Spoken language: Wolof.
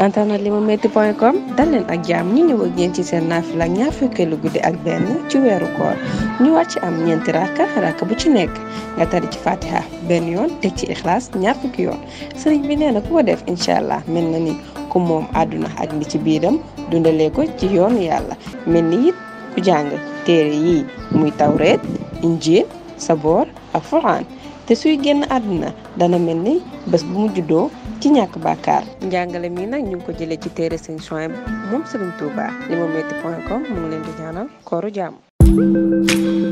internet limametti point com dal leen ak jàmm ñu ñëw ak ci seen naafila ak ñaar fukkeelu guddi ak benn ci weeru koor ñu war ci am ñeenti rakka rakka bu ci nekk nga tari ci fatiha benn yoon te ci ixlaas ñaar fukki yoon sëriñ bi nee na ku ko def incha allah mel na ni ku moom àdduna ak li ci biiram dundalee ko ci yoon yàlla mel ni it ku jàng téere yi muy tawreet injiil saboor ak furaan te suy génn àdduna dana mel ni bés bu mu juddoo ci ñàkk bàkkaar njàngale mi nag ñu ngi ko jëlee ci téere sëñ Souhaïbou moom Serigne Touba limametti point com mu ngi leen di ñaanal kooru jàmm